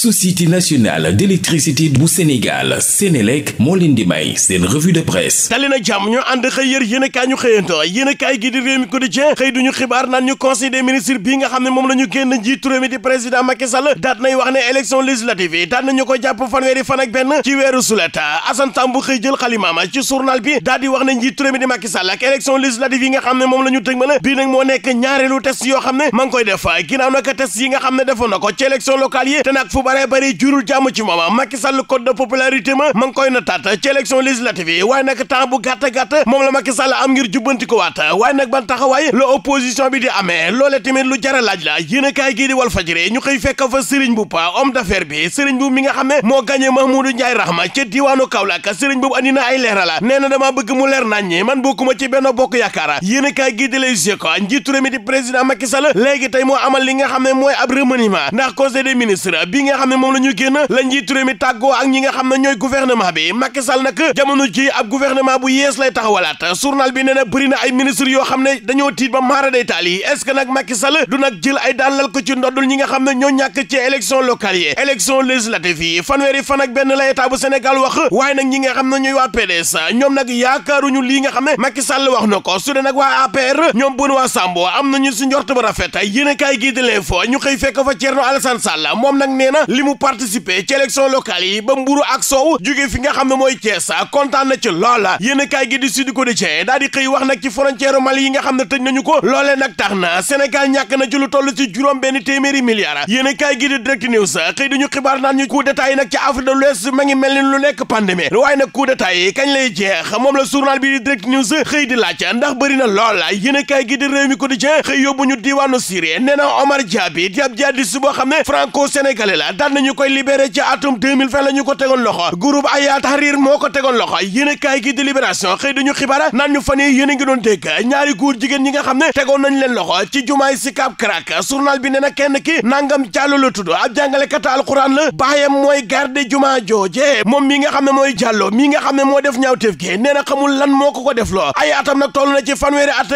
société nationale d'électricité bu Sénégal Sénélec moo leen di may seen revue de presse tali na jàmm ñu ànd xëy yër yéen a kaay ñu xëyantoo yéen a kaay gi réew mi quotidien xëy duñu xibaar naan ñu conseil des bi nga xam ne moom la ñu génn njiitu réew mi di président Macky Sall daat nay wax ne élection législative yi daat nañu ko jàpp fanweeri fan ak benn ci weeru sulet Assane Tambou xëy jël xalimaama ci journal bi daal di wax ne njiitu mi di Macky bare bari jurul jàmm ci mooma Macky Sall la Macky Sall am ngir jubbanti bi di amee lu jara laaj la yéen a kaay gii ñu xëy fekk fa Serigne Mboup homme d'affaires bi Serigne Mboup mi nga xam ne moo gagné Mahmoudou Ndiaye Rahma ca diwaanu Kaolack Serigne Mboup andi na ay leerala nee na dama bëgg mu leer nañ man bokkuma ci benn bokk yaakaara yéen a kaay gii di lay jeko njiitu réew mi di président Macky Sall léegi tey moo amal li nga xam ne mooy ab remaniement ndax conseil des bi nga xam ne moom la ñu génn la njiitu réew mi tàggoo ak ñi nga xam ne ñooy gouvernement bi Macky Sall nag jamono ji ab gouvernement bu yees lay taxawalaat journal bi nee na na ay ministre yoo xam ne dañoo tiit ba maara day taal yi est-ce que nag Macky du nag jël ay daan lal ko ci ñi nga xam ne ñoo ñàkk ci élection locale yi élection législative yi fanweeri fan ak benn la état bu Sénégal wax waaye nag ñi nga xam ne ñooy waa PDS ñoom nag yaakaaruñu lii nga xam ne Macky Sall wax na ko su dee nag waa APR ñoom bun waa Sambo am nañu si njort ba rafet yéen a kaay gii di l'info ñu xëy fekk fa Thierno Alassane Sall moom nag nee na li mu participer ci élection yi ba mburu ak soow jóge fi nga xam ne mooy Thiès kontaan na ci loola yéen a kaay gi di Sud Quotidien daal di xëy wax nag ci frontière Mali yi nga xam ne tëj nañu ko loole nag tax na Sénégal ñàkk na ci lu toll ci juróom benn téeméeri milliards yéen a gi di Direct News xëy dañu xibaar naan ñu coup d'état yi nag ci Afrique de l'Ouest mel ni lu nekk pandémie waaye nag coup d'état yi kañ lay jeex moom la journal bi di Direct News xëy di laaj ndax na loola yéen a gi di Rewmi Quotidien xëy yóbbu ñu diwaanu Syrie nee na Omar Diaby Diab Diadis boo xam ne franco sénégalais la daan nañu koy libere ci atum 2020 la ñu ko tegoon loxo groupe Aya Tahrir moo ko tegoon loxo yéen kaay gi di libération xëy dañu xibaar naan ñu fan yi yéen a ngi doon dégg ñaari góor jigéen ñi nga xam ne tegoon nan leen loxo ci jumaay Sicap Karack journal bi nee na kenn ki nangam jàllo la tudd ab jàngalekat alxuraan la baayam mooy garde jumaa jooje moom mi nga xam ne mooy jàllo mi nga xam ne moo def ñaawteef gi nee na xamul lan moo ko ko def loo ay atam nag na ci fanweeri at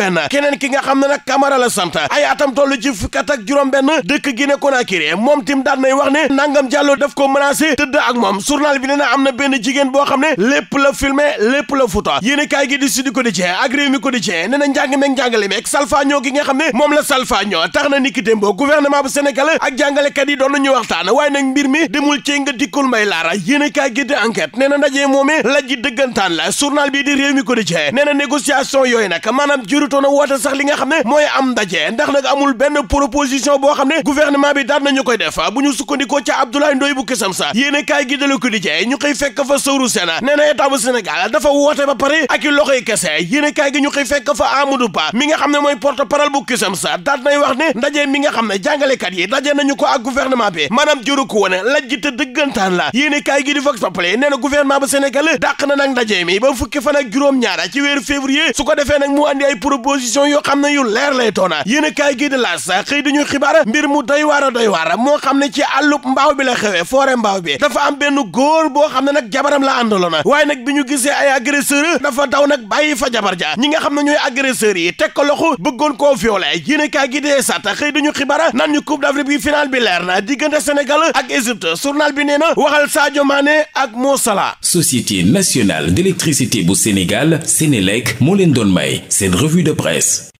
benn keneen ki nga xam ne nag Camara la sant atam toll ci ak juróom-benn dëkk Guinée Conakry moom tim daan nay wax ne nangam jàlloo daf ko menacé tëdd ak moom journal bi nee na am na benn jigéen boo xam ne lépp la filmé lépp la futa yéen kaay gi di Sud Quotidien ak Rewmi Quotidien nee na njàng meeg njàngale meeg salfaañoo gi nga xam ne moom la salfaañoo tax na niki démb gouvernement bu Sénégal ak jàngalekat yi doon nañu waxtaan waaye nag mbir mi demul cee nga dikkul may laara yéen kaay gi di enquête nee na ndaje moomee lajji dëggantaan la journal bi di Rewmi Quotidien nee na négociation yooyu nag maanaam jurutoon a woote sax li nga xam ne mooy am ndaje ndax nag amul benn proposition boo xam ne gouvernement bi daan nañu koy def bu ñu sukkandikoo ca Abdoulaye Ndoye bu kisam sa yéen i kaay gi dale ko di jee ñu xëy fekk fa sawru sena nee na état bu Sénégal dafa woote ba pare ak i loxoy kese yéen i kaay gi ñu xëy fekk fa Amadou Ba mi nga xam ne mooy porte parole sa daat nay wax ne ndaje mi nga xam ne jàngalekat yi daje nañu ko ak gouvernement bi maanaam jëru ko wone lajj te dëggantaan la yéen i kaay gi di vox populi nee na gouvernement bu Sénégal dàq na nag ndaje mi ba fukki fan ak juróom ñaara ci weeru février su ko defee nag mu andi ay proposition yoo xam ne yu leer lay toona yéen i kaay gi di laas xëy dañu xibaar mbir mu doy waar a doy moo xam ne ci àllub mbaaw bi la xewee foore mbaaw bi dafa am benn góor boo xam ne nag jabaram la àndaloona waaye nag bi ñu gisee ay agresseur dafa daw nag bàyyi fa jabar ja ñi nga xam ne ñooy agresseurs yi teg ko loxo bëggoon koo violé yéene kaay gi dee sat xëy dañu xibara nan ñu coupe d'Afrique bii final bi leer na diggante Sénégal ak Égypte journal bi nee waxal Sadio Mané ak Mo Salah Société nationale d'électricité bu Sénégal Sénélec moo leen doon may seen revue de presse